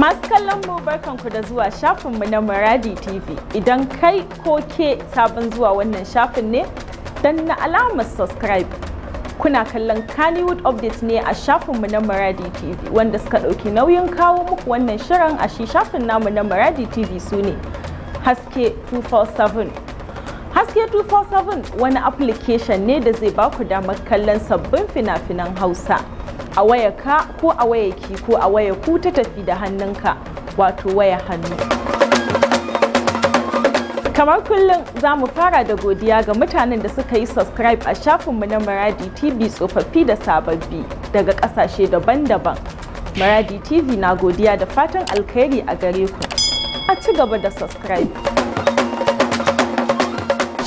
Masu kallon mu barkanku da zuwa shafin mu na Muradi TV. Idan kai ko ke sabon zuwa wannan shafin ne, dan na alamar subscribe. Kuna kallon Kannywood update ne a shafin mu na Muradi TV wanda suka ɗauki nauyin kawo muku wannan shirin a shi shafin namu na Muradi TV su ne Haske 247. Haske 247 wani application ne da zai baku damar kallon sabbin fina-finan Hausa. a waya ka ko a wayarki ko a waya ku ta tafi da hannunka wato waya hannu kamar kullum za mu fara da godiya ga mutanen da suka yi subscribe a shafinmu na maradi tv tsofaffi da sababbi daga kasashe daban-daban maradi tv na godiya da fatan alkhairi a gare ku a ci gaba da subscribe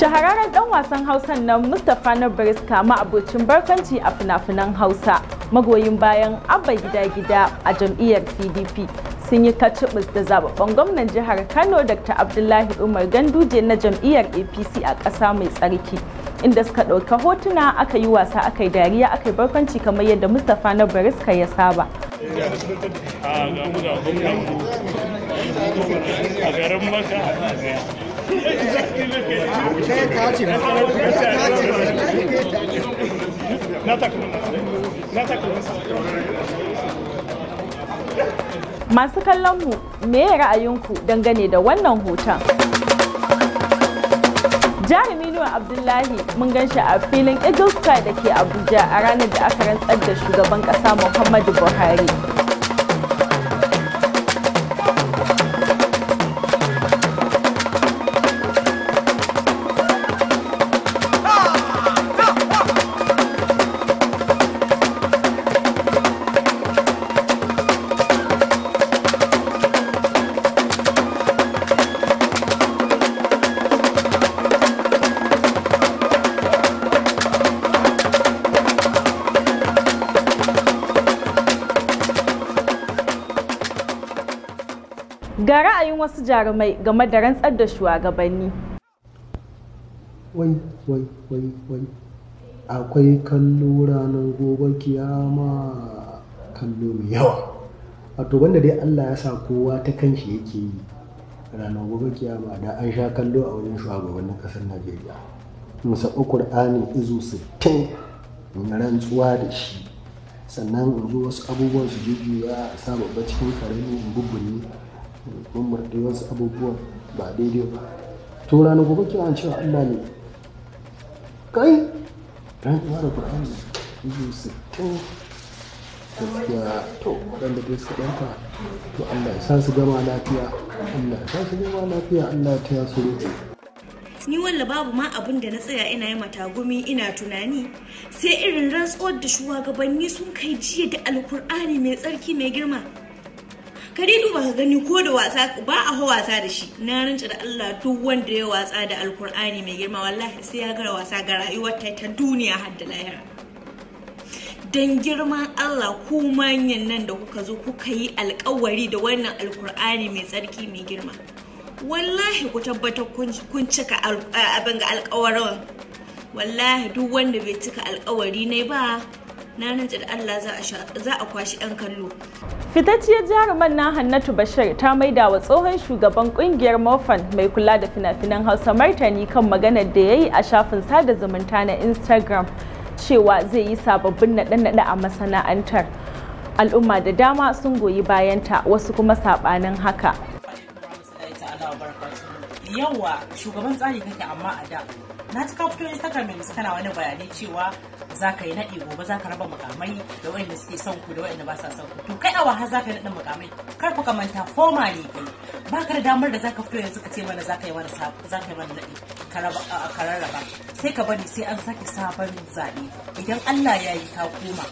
shahararren dan wasan hausan na mustapha na bariska ma abocin barkanci a fina-finan hausa magoyin bayan abba gida gida a jam'iyyar pdp sun yi kacibis da zababben gwamnan jihar kano dr abdullahi umar ganduje na jam'iyyar apc a ƙasa mai tsarki inda suka ɗauka hotuna aka yi wasa aka yi dariya aka yi barkwanci kamar yadda mustapha na bariska ya saba Masu kallon mu me ra'ayinku dangane da wannan hoton? Jarumi Nuwa Abdullahi mun gan shi a filin Eagle Sky da ke Abuja a ranar da aka rantsar da shugaban ƙasa Muhammadu Buhari. ga ra'ayin wasu jarumai game da rantsar da shugabanni wai wai wai wai akwai kallo ranar gobe kiyama kallo mai yawa wato wanda dai allah ya sa kowa ta kanshi yake yi ranar gobe kiyama da an sha kallo a wajen shugabannin ƙasar najeriya musaɓi ƙur'ani izu sittin in rantsuwa da shi sannan in zo wasu abubuwan su jujjuya a sa babba cikin karami in bubbuni kuma da wasu abubuwan ba daidai ba to rana gobe kiran cewa Allah ne kai dan uwa da Qur'ani su to gaskiya to da dai suka danta. to Allah ya sa su gama lafiya Allah ya sa su gama lafiya Allah ya taya su roƙo ni walla babu ma abin da na tsaya ina yi matagumi ina tunani sai irin rantsuwar da shugabanni sun kai jiya da alkur'ani mai tsarki mai girma ka dai duba ka gani ko da wasa ba a hawa wasa da shi na rinci da Allah duk wanda ya wasa da alkur'ani mai girma wallahi sai ya gara wasa ga rayuwar ta ta duniya har da lahira dan girman Allah ku manyan nan da kuka zo kuka yi alkawari da wannan alkur'ani mai tsarki mai girma wallahi ku tabbatar kun cika abin ga alkawarin wallahi duk wanda bai cika alkawari ne ba na nan da Allah za a kwashi 'yan kallo fitacciyar jaruman na hannatu bashir ta maida wa tsohon shugaban kungiyar mofan mai kula da fina-finan hausa martani kan maganar da ya yi a shafin sada zumunta na instagram cewa zai yi sababbin naɗe-naɗe a masana'antar al'umma da dama sun goyi bayanta wasu kuma saɓanin haka yawa shugaban tsari kake amma a da na ci ka fito instagram yanzu kana wani bayanai cewa za ka yi naɗi gobe za ka raba mukamai da waɗanda suke son ku da waɗanda ba sa son ku to kai a waha za ka naɗin mukamai kar ka manta foma ne kai ba ka da damar da za ka fito yanzu ka ce mana za ka yi mana za ka yi mana naɗi ka rarraba sai ka bari sai an sake sabon zaɓe idan Allah ya yi ka koma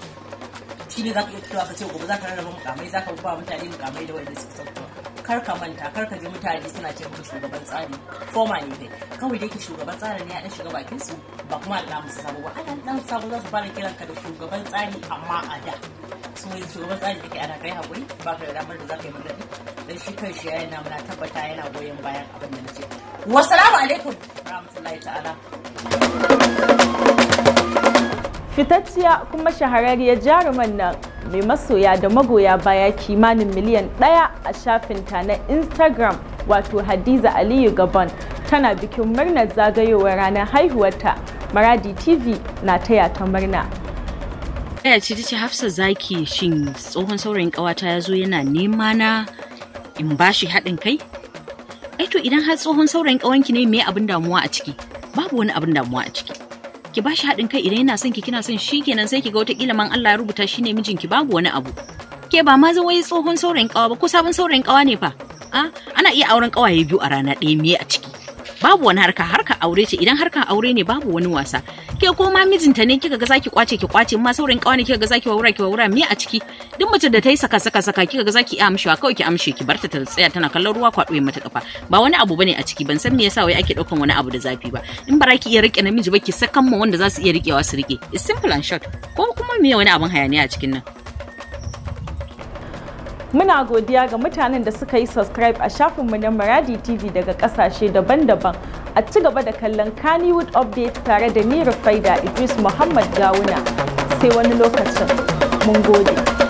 shi ne za ka iya fitowa ka ce gobe za ka rarraba mukamai za ka ba mutane mukamai da waɗanda suke son ku kar ka manta kar ka ji mutane suna ce maka shugaban tsari foma ne kai kawai da yake shugaban tsari ne ya dan shiga bakin su ba kuma Allah musu sabo ba an dan sabo za su fara kiran ka da shugaban tsari amma a da su yin eh, shugaban tsari da ke ana kai hakuri ba ka da damar da za ka yi magana dan shi kan shi yana muna tabbata yana goyon bayan abin da wa wassalamu alaikum rahmatullahi ta'ala fitacciya kuma shahararriyar jaruman nan mai masoya da magoya baya kimanin miliyan ɗaya a shafinta na instagram wato hadiza aliyu gabon tana bikin murnar zagayowar ranar haihuwarta maradi tv na taya ta murna Yaya ce ta ce Hafsa zaki shin tsohon saurayin kawata ya zo yana nema na in ba shi haɗin kai? Ai to idan har tsohon saurayin kawanki ne mai abin damuwa a ciki? Babu wani abin damuwa a ciki. ki ba shi haɗin kai idan yana son ki kina son shi kenan sai ki ga wata kila man Allah ya rubuta shi ne mijinki babu wani abu ke ba ma zan wai tsohon saurayin kawa ba ko sabon saurayin kawa ne fa a ah, ana iya auren kawaye biyu a rana ɗaya me a ciki babu wani harka harka aure ce idan harkan aure ne babu wani wasa ke ko ma mijinta ne kika ga zaki kwace ki kwace ma saurin ne kika ga zaki waura ki waura me a ciki duk mace da tayi saka saka saka kika ga zaki iya amshewa kawai ki amshe ki barta ta tsaya tana kallon ruwa kwaɗo mata kafa ba wani abu bane a ciki ban san me yasa wai ake daukan wani abu da zafi ba in bara ki iya rike namiji ba ki sakan ma wanda za su iya rikewa su rike it's simple and short ko kuma me wani abun hayaniya a cikin nan Muna godiya ga mutanen da suka yi subscribe a shafinmu na Maradi TV daga kasashe daban-daban. A ci gaba da kallon Kannywood Update tare da ni Rufaida Idris Muhammad Gawuna. Sai wani lokacin. Mun gode.